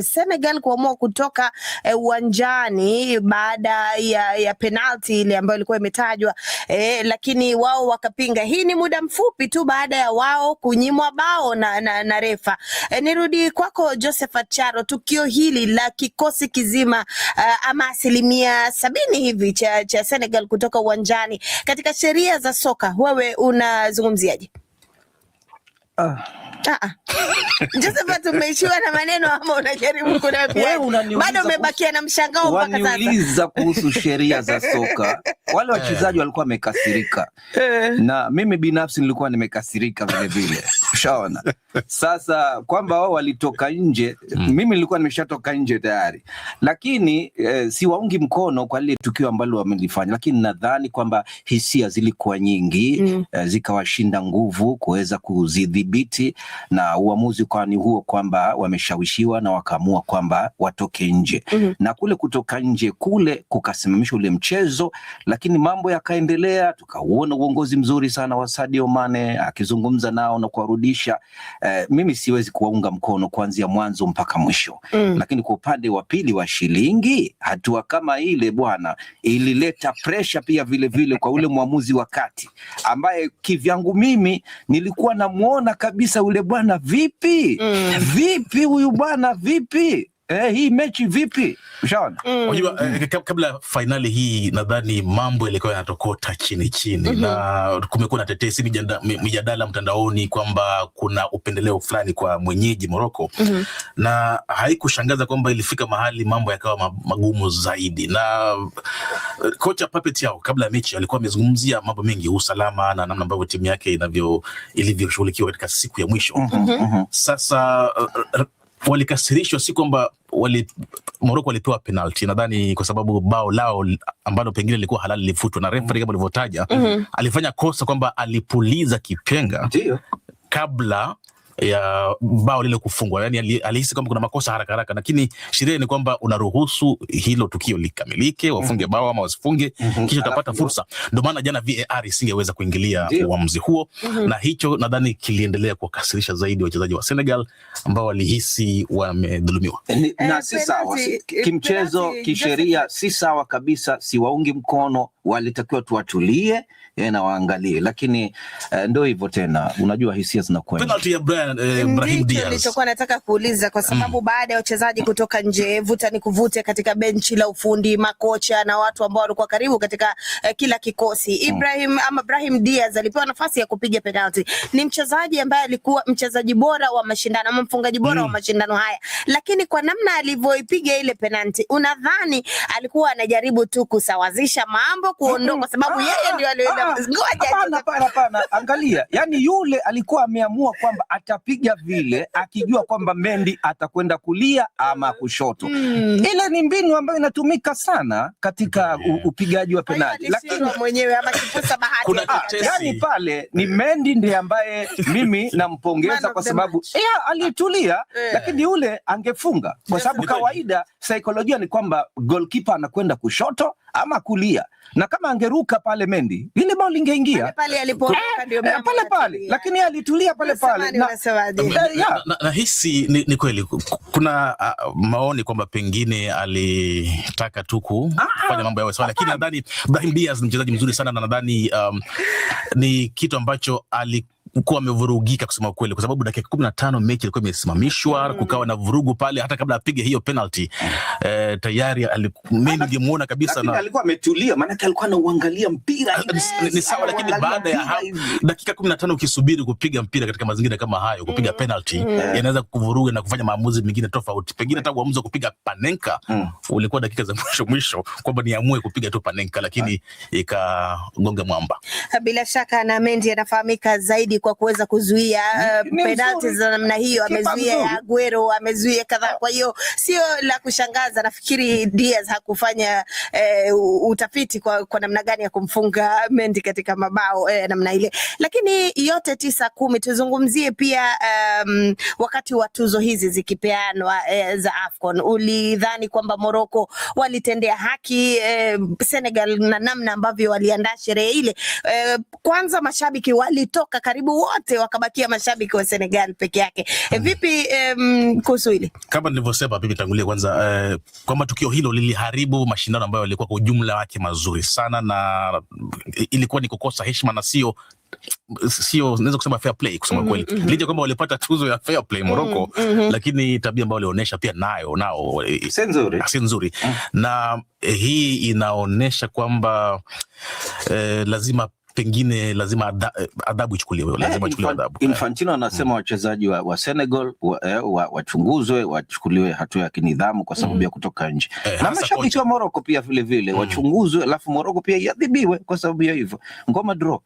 Senegal kuamua kutoka eh, uwanjani e, baada ya, ya penalti ile ambayo ilikuwa imetajwa e, lakini wao wakapinga. Hii ni muda mfupi tu baada ya wao kunyimwa bao na, na, na refa e, nirudi kwako Joseph Charo, tukio hili la kikosi kizima uh, ama asilimia sabini hivi cha, cha Senegal kutoka uwanjani katika sheria za soka, wewe unazungumziaje? Ah, Joseph, ah, ah. tumeishiwa na maneno ama unajaribu kunambia bado umebakia na mshangao mpaka sasa? Waniuliza kuhusu sheria za soka, wale wachezaji walikuwa wamekasirika eh. na mimi binafsi nilikuwa nimekasirika vilevile. Ushaona sasa kwamba wao walitoka nje mm. Mimi nilikuwa nimeshatoka nje tayari, lakini eh, si waungi mkono kwa lile tukio ambalo wamelifanya, lakini nadhani kwamba hisia zilikuwa nyingi mm. eh, zikawashinda nguvu kuweza kuzidhibiti, na uamuzi ukawa ni huo kwamba wameshawishiwa na wakaamua kwamba watoke nje mm -hmm. na kule kutoka nje kule kukasimamisha ule mchezo, lakini mambo yakaendelea, tukauona uongozi mzuri sana wa Sadio Mane akizungumza nao na kuwarudi kurudisha eh, mimi siwezi kuwaunga mkono kuanzia mwanzo mpaka mwisho mm. Lakini kwa upande wa pili wa shilingi, hatua kama ile bwana ilileta presha pia vilevile vile kwa ule mwamuzi wa kati ambaye kivyangu mimi nilikuwa namwona kabisa ule bwana vipi mm. vipi huyu bwana vipi eh, hii mechi vipi? Ushaona, mm. unajua mm. eh, kabla fainali hii nadhani mambo yalikuwa yanatokota chini chini mm -hmm. na kumekuwa na tetesi mijadala, mtandaoni kwamba kuna upendeleo fulani kwa mwenyeji moroko mm -hmm. na haikushangaza kwamba ilifika mahali mambo yakawa magumu zaidi, na eh, kocha papet yao kabla ya mechi alikuwa amezungumzia mambo mengi, usalama na namna ambavyo timu yake inavyo ilivyoshughulikiwa katika siku ya mwisho mm -hmm. sasa uh, walikasirishwa si kwamba wali, Morocco walipewa penalti nadhani kwa sababu bao lao ambalo pengine lilikuwa halali lilifutwa na refa kama ulivyotaja, mm -hmm. alifanya kosa kwamba alipuliza kipenga kabla ya bao lile kufungwa, yani alihisi kwamba kuna makosa haraka haraka, lakini sheria ni kwamba unaruhusu hilo tukio likamilike, wafunge mhm. bao ama wasifunge, mm -hmm. kisha utapata fursa. Ndio maana jana VAR isingeweza kuingilia uamuzi huo mm -hmm. na hicho nadhani kiliendelea kuwakasirisha zaidi wachezaji wa Senegal ambao walihisi wamedhulumiwa, eh, na eh, si sawa eh, kimchezo, kisheria si sawa kabisa, siwaungi mkono walitakiwa tuwatulie eh, na waangalie, lakini uh, eh, ndo hivyo tena, unajua hisia zinakuwa penalty ya eh, Diaz. Nilichokuwa nataka kuuliza kwa sababu mm, baada ya wachezaji kutoka nje, vuta ni kuvute katika benchi la ufundi, makocha na watu ambao walikuwa karibu katika eh, kila kikosi mm. Ibrahim mm, ama Brahim Diaz alipewa nafasi ya kupiga penalty. Ni mchezaji ambaye alikuwa mchezaji bora wa mashindano ama mfungaji bora mm, wa mashindano haya, lakini kwa namna alivyoipiga ile penalty, unadhani alikuwa anajaribu tu kusawazisha mambo kuondoka kwa sababu ah, yeye ndio alioenda. Ngoja ah, hapana, hapana, hapana, angalia, yani yule alikuwa ameamua kwamba atapiga vile akijua kwamba Mendi atakwenda kulia ama mm. kushoto. Mm. Ile ni mbinu ambayo inatumika sana katika upigaji wa penalti, lakini mwenyewe ama kipusa bahati, yani pale ni Mendi ndiye ambaye mimi nampongeza kwa sababu ya alitulia yeah. Lakini yule angefunga kwa sababu kawaida saikolojia ni kwamba goalkeeper anakwenda kushoto ama kulia, na kama angeruka pale mendi ile bao lingeingia pale alipo, ndio pale pale, eh, eh, lakini alitulia pale pale. Nahisi eh, ni kweli kuna maoni kwamba pengine alitaka tu ah, ah. kufanya mambo yawe sawa, lakini nadhani Brahim Diaz ni mchezaji mzuri sana na nadhani um, ni kitu ambacho ali kuwa amevurugika kusema kweli, kwa sababu dakika kumi na tano mechi ilikuwa imesimamishwa, mm. kukawa na vurugu pale. Hata kabla apige hiyo penalty mm. eh, tayari nilimuona kabisa na alikuwa ametulia, maana alikuwa anauangalia mpira. Ah, ni sawa, lakini baada ya dakika kumi na tano ukisubiri kupiga mpira katika mazingira kama hayo, kupiga mm. mm. yanaweza kuvuruga na kufanya maamuzi mengine tofauti, pengine hata uamuzi wa kupiga Panenka mm. ulikuwa dakika za mwisho mwisho kwamba niamue kupiga tu Panenka, lakini ah. ikagonga mwamba. Bila shaka na Mendy anafahamika zaidi kwa kuweza kuzuia uh, penalti za namna hiyo, amezuia Aguero, amezuia kadhaa. Kwa hiyo sio la kushangaza, nafikiri Diaz hakufanya eh, utafiti kwa, kwa namna gani ya kumfunga Mendy katika mabao eh, namna ile, lakini yote tisa kumi. Tuzungumzie pia um, wakati wa tuzo hizi zikipeanwa eh, za AFCON, ulidhani kwamba Morocco walitendea haki eh, Senegal na namna ambavyo waliandaa sherehe ile eh, kwanza mashabiki walitoka karibu karibu wote wakabakia mashabiki wa Senegal peke yake. E, vipi um, kuhusu hili? Kama nilivyosema bibi tangulia kwanza eh, kwamba tukio hilo liliharibu mashindano ambayo yalikuwa kwa ujumla wake mazuri sana, na ilikuwa ni kukosa heshima na sio sio naweza kusema fair play kusema mm-hmm, kweli, mm -hmm. licha kwamba walipata tuzo ya fair play Morocco, mm -hmm. lakini tabia ambayo walionyesha pia nayo nao eh, eh, si nzuri, si nzuri. Mm -hmm. na hii inaonyesha kwamba eh, lazima pengine lazima eh, adhabu ichukuliwe, lazima eh, ichukuliwe adhabu. Infantino eh. anasema mm. wachezaji wa, wa Senegal wachunguzwe, wa, wa wachukuliwe hatua ya kinidhamu kwa sababu mm. ya kutoka nje eh, na mashabiki wa Moroko pia vilevile mm. wachunguzwe, alafu Moroko pia iadhibiwe kwa sababu ya hivyo. Ngoma draw